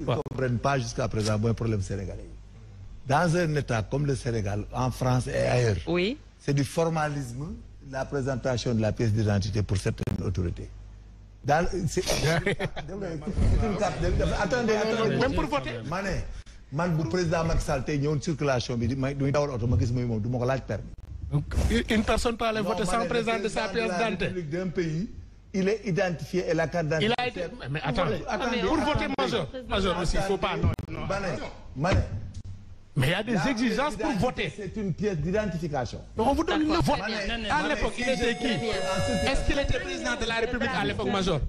ne comprennent pas jusqu'à présent un problème sénégalais dans un état comme le Sénégal en France et ailleurs oui c'est du formalisme la présentation de la pièce d'identité pour certaines autorités Dans, c'est attendez attendez même pour voter Mané, man président Macky Sall tey ñëwoon circulation bi may duy il y ma gis du ma permis une personne peut aller voter sans présenter sa pièce d'identité il est identifié et la carte d'identité. Il a été... mais attendez, pour voter majeur, majeur aussi, il faut pas. Non, non. Mané, Mané. Mais il y a des exigences pour voter. C'est une pièce d'identification. On vous donne le vote. À l'époque, il était qui Est-ce qu'il était président de la République à l'époque major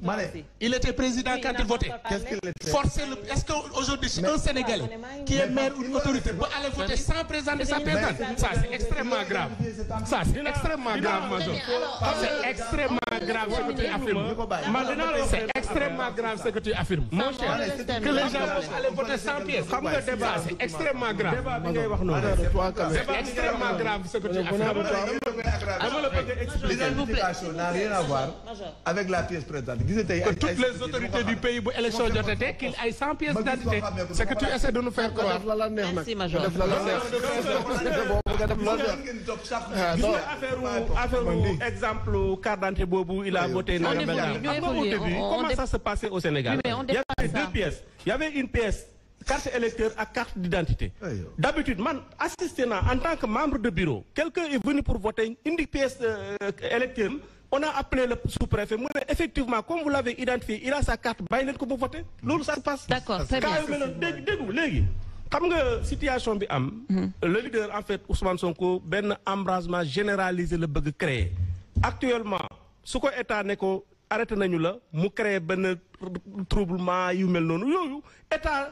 Il était président quand il votait. Est-ce qu'aujourd'hui, un Sénégalais qui est maire ou une autorité peut aller voter sans présenter sa personne Ça, c'est extrêmement grave. Ça, c'est extrêmement grave, major. C'est extrêmement grave ce que tu affirmes. C'est extrêmement grave ce que tu affirmes. Mon cher, que les gens vont aller voter sans pièce. C'est extrêmement grave c'est extrêmement grave ce que tu as situation n'a rien à voir avec la pièce présente toutes les autorités du pays bu élection jotee qu'il ait 100 pièces d'identité c'est que tu essaies de nous faire croire. Merci, Major. exemple carte d'identité bobou il a voté. on est on comment ça se passait au Sénégal. il y avait deux pièces il y avait une pièce carte électeur à carte d'identité. D'habitude, man, assistant en tant que membre de bureau, quelqu'un est venu pour voter une pièce euh, électeur, on a appelé le sous-préfet. Effectivement, comme vous l'avez identifié, il a sa carte, il pour voter. carte ça se passe. D'accord, très bien. Comme la situation bi am, hmm. le leader, en fait, Ousmane Sonko, ben embrasement généralisé le bug créé. Actuellement, ce que l'État n'est arrêté, nous créons un troublement, nous, l'État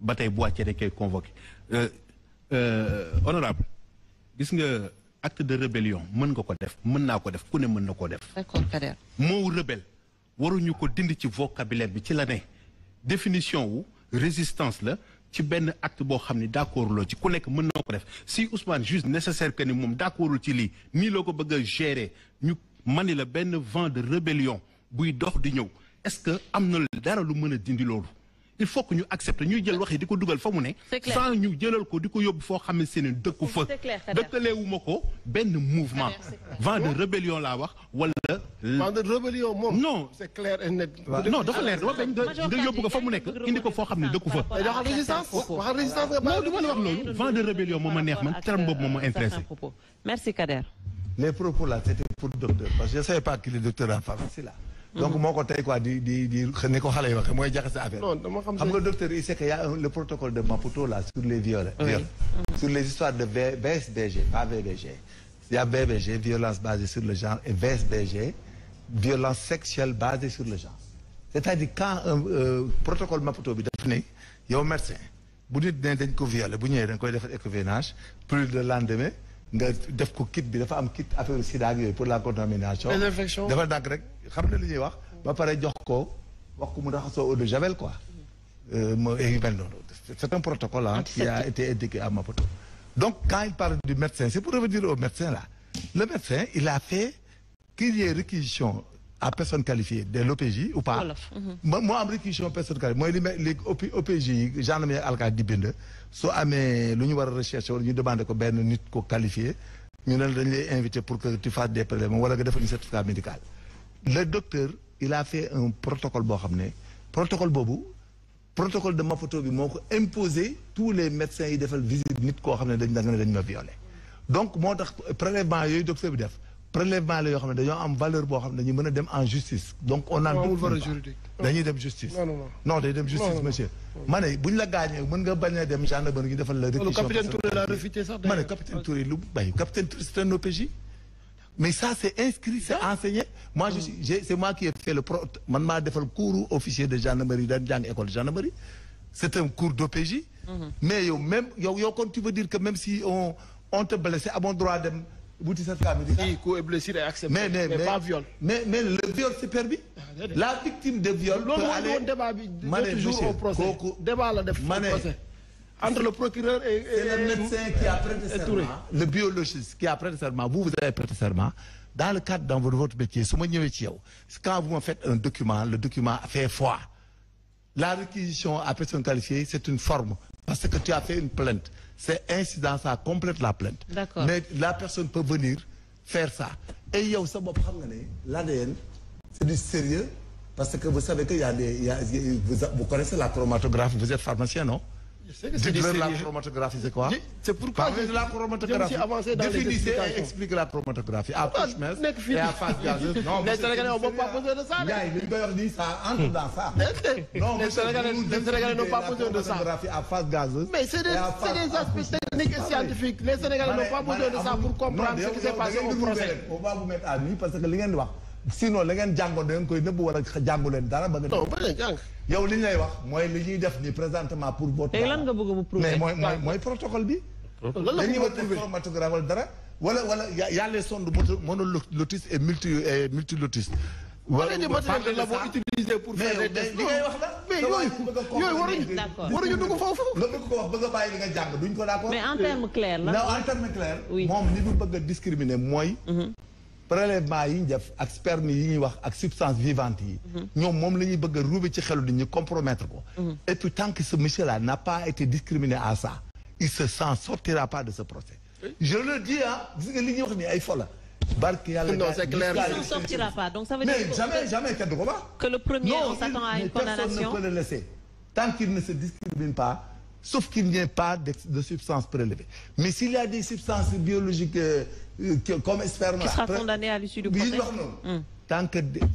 Bataille-bois qui euh, euh, honorable acte de rébellion je nga ko def def ku ne rebelle waruñu ko dindi ci vocabulaire bi ci la définition wu résistance la ci acte d'accord lo ci ku mën nako si Ousmane juste nécessaire que ni mom d'accordul ci gérer ñu la vent de rébellion dox est-ce que amna dara lu dindi il faut que ñu accepte ñuy jël wax diko duggal ko fa mu ne sans ñu jëlal ko diko yob fo foo xam seen dëkku fa dëkkaleewuma ko benn mouvement vent de rébellion la wax wala vent de rébellion mom non c'est clair et net non dafa lèr dama bañ de yob ko fa mu nekk indi ko fo xamné ne fa waxal résistance waxal résistance non du wax loolu vent de rébellion moom ma neex man terme boobu moom ma intéressé merci Kader les propos là c'était pour docteur parce que je savais pas qu'il est docteur en pharmacie là donc mhm. moko tay quoi di di di ne ko non, yi waxee affaire non dama xam nga docteur il sait que y a le protocole de Maputo là sur les viols. Mhm. sur les histoires de VSBG pas VBG. il y a VBG violence basée sur le genre et VSBG violence sexuelle basée sur le genre. c'est-à-dire quand un euh, protocole Maputo bi daf ne yow médecin bu nit dañ ko violer bu ñëw dañ koy def écovénage plus de lendemain nga def ko kit bi dafa am kit affaire sida ak yooyu pour la contamination. dafa dànk rek xam na li ñuy wax. ba pare jox ko wax ko mu raxasoo eau de javel quoi. Euh, moo yu mel noonu c' est un protocole ah. qui a été indiqué à Maputo. donc quand il parle du médecin c' est pour revenir au médecin là. le médecin il a fait qu'il y ait réquisition à personne qualifiée de l'OPJ ou pas mhm. moi, je suis réquisition personne qualifiée Moi, li ma OPJ j'en gendarmerie alkaat di bind soo amee lu ñu war recherche ñu demandé ko Ben qualifié ñu ne invité pour que tu fasses des prélèvements wala nga defal un certificat médical le docteur il a fait un protocole boo protocole bobu, protocole de ma photo, il m'a imposé tous les médecins yi defal visite nit koo xam ne dañ dañ ma violé donc moo prélèvement docteur bi def prélèvement les yoo xam ne am valeur boo xam ne dañuy mën dem en justice. donc on a une valeur juridique. dañuy dem justice. non non non day dem justice monsieur. Mané, ne bu ñu la gaañee mën nga bañ a dem gendarmerie ñu defal la. réquisition capitaine Touré l'a réfuté sax. ma capitaine Touré lu bay capitaine Touré c'est un OPJ. mais ça c'est inscrit c'est enseigné. moi je suis c'est moi qui ai fait le pro man maa defal cours officier de gendarmerie dans l'école école gendarmerie. c'est un cours d'OPJ. Mm-hmm. mais yo, même yo, kon tu veux dire que même si on on te à bon droit dem. Bouti Si, coup et blessure est accepté, mais, mais, mais, pas viol. Mais, mais le viol, c'est permis. Ah, la victime de viol non, peut aller... au procès. Entre le procureur et... le médecin qui a prêté serment, le biologiste qui a prêté serment. Vous, vous avez prêté serment. Dans le cadre dans votre métier, quand vous faites un document, le document fait foi. La réquisition à personne qualifiée, c'est une forme parce que tu as fait une plainte. C'est incident, ça complète la plainte. Mais la personne peut venir faire ça. Et il y a aussi l'ADN, c'est du sérieux, parce que vous savez que y a des, vous connaissez la chromatographe, vous êtes pharmacien, non c'est la chromatographie, c'est quoi C'est pourquoi Parlez de la chromatographie. Définissez et expliquez la chromatographie. À Pouchemès et à face gazeuse. les Sénégalais n'ont pas besoin de ça. les Gaï, ça entre dans ça. Non, les Sénégalais n'ont pas besoin de ça. à face gazeuse. Mais c'est des aspects techniques et scientifiques. Les Sénégalais n'ont pas besoin de ça pour comprendre ce qui s'est passé au procès. On va vous mettre à nu parce que l'ingénieur doit. sinon la ngeen jàngoon da ngeen koy nëbbu wala jàngu leen dara ba ngeen. non ba ngeen jàng. yow li ñu lay y a les sondes monolotistes et multi et multilotistes. wala ñu matériel la bëgg ko wax nga jàng duñ ko d'accord. mais en terme la. non en terme clair. moom ni du bëgg discriminer mooy. Mm-hmm. prélèvement yi ñu avec ak sperme wax ak substance vivante yi. Mhm. compromettre mhm. et puis tant que ce monsieur là n'a pas été discriminé à ça. il ne se sent sortira pas de ce procès. je le dis hein, gis nga li non c'est clair il ne sortira pas donc ça veut mais dire jamais jamais que le premier s'attend à une condamnation tant qu'il ne se discrimine pas. sauf qu'il n'y ait pas de, de substances prélevées. Mais s'il y a des substances biologiques euh, comme Qui C'est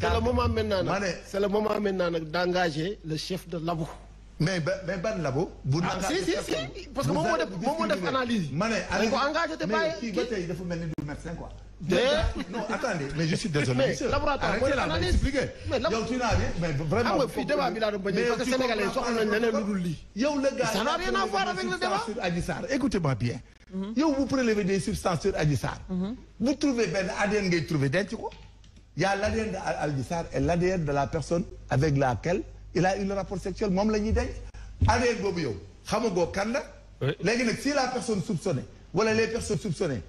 le moment maintenant. C'est le moment maintenant d'engager le chef de labo. Mais, mais labo. Vous ah, Parce que analyse. pas. il faut attendez, mais je suis désolé. rien à voir avec le débat. Écoutez-moi bien. Mhm. yo vous prélever des substances sur Adji Vous l'ADN trouver mhm. vous trouvez ngay trouver vois il y a l'ADN de et l'ADN de la personne avec laquelle il a eu le rapport sexuel moom la ñuy denc ADN boobu yow xamagoo kan la si la personne soupçonnée voilà les personnes soupçonnées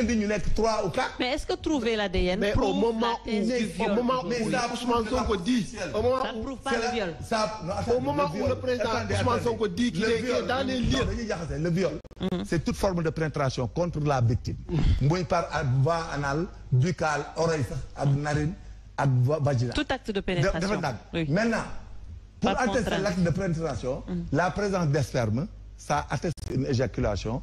indi lettre 3 ou 4 mais est-ce que trouver l'ADN. mais au moment où au moment où Ousmane Sonko dit. au moment où le président dit. qu'il est dans les lieux le viol. Mm-hmm. c'est toute forme de pénétration contre la victime. par voie anal, buccale oreille narine tout acte de pénétration maintenant. pour attester l'acte de pénétration. Mm-hmm. la présence des ça atteste une éjaculation.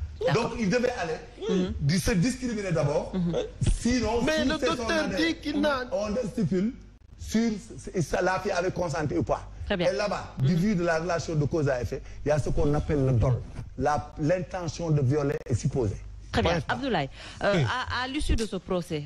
Donc il devait aller mm-hmm. se discriminer d'abord. Mm-hmm. Sinon, Mais le docteur dit qu'il n'a. On stipule sur ça, la fille avait consenti ou pas. Très bien. Et là-bas, du mm-hmm. vu de la relation de cause à effet, il y a ce qu'on appelle le dol. L'intention de violer est supposée. Très bien. Abdoulaye, euh, à l'issue de ce procès,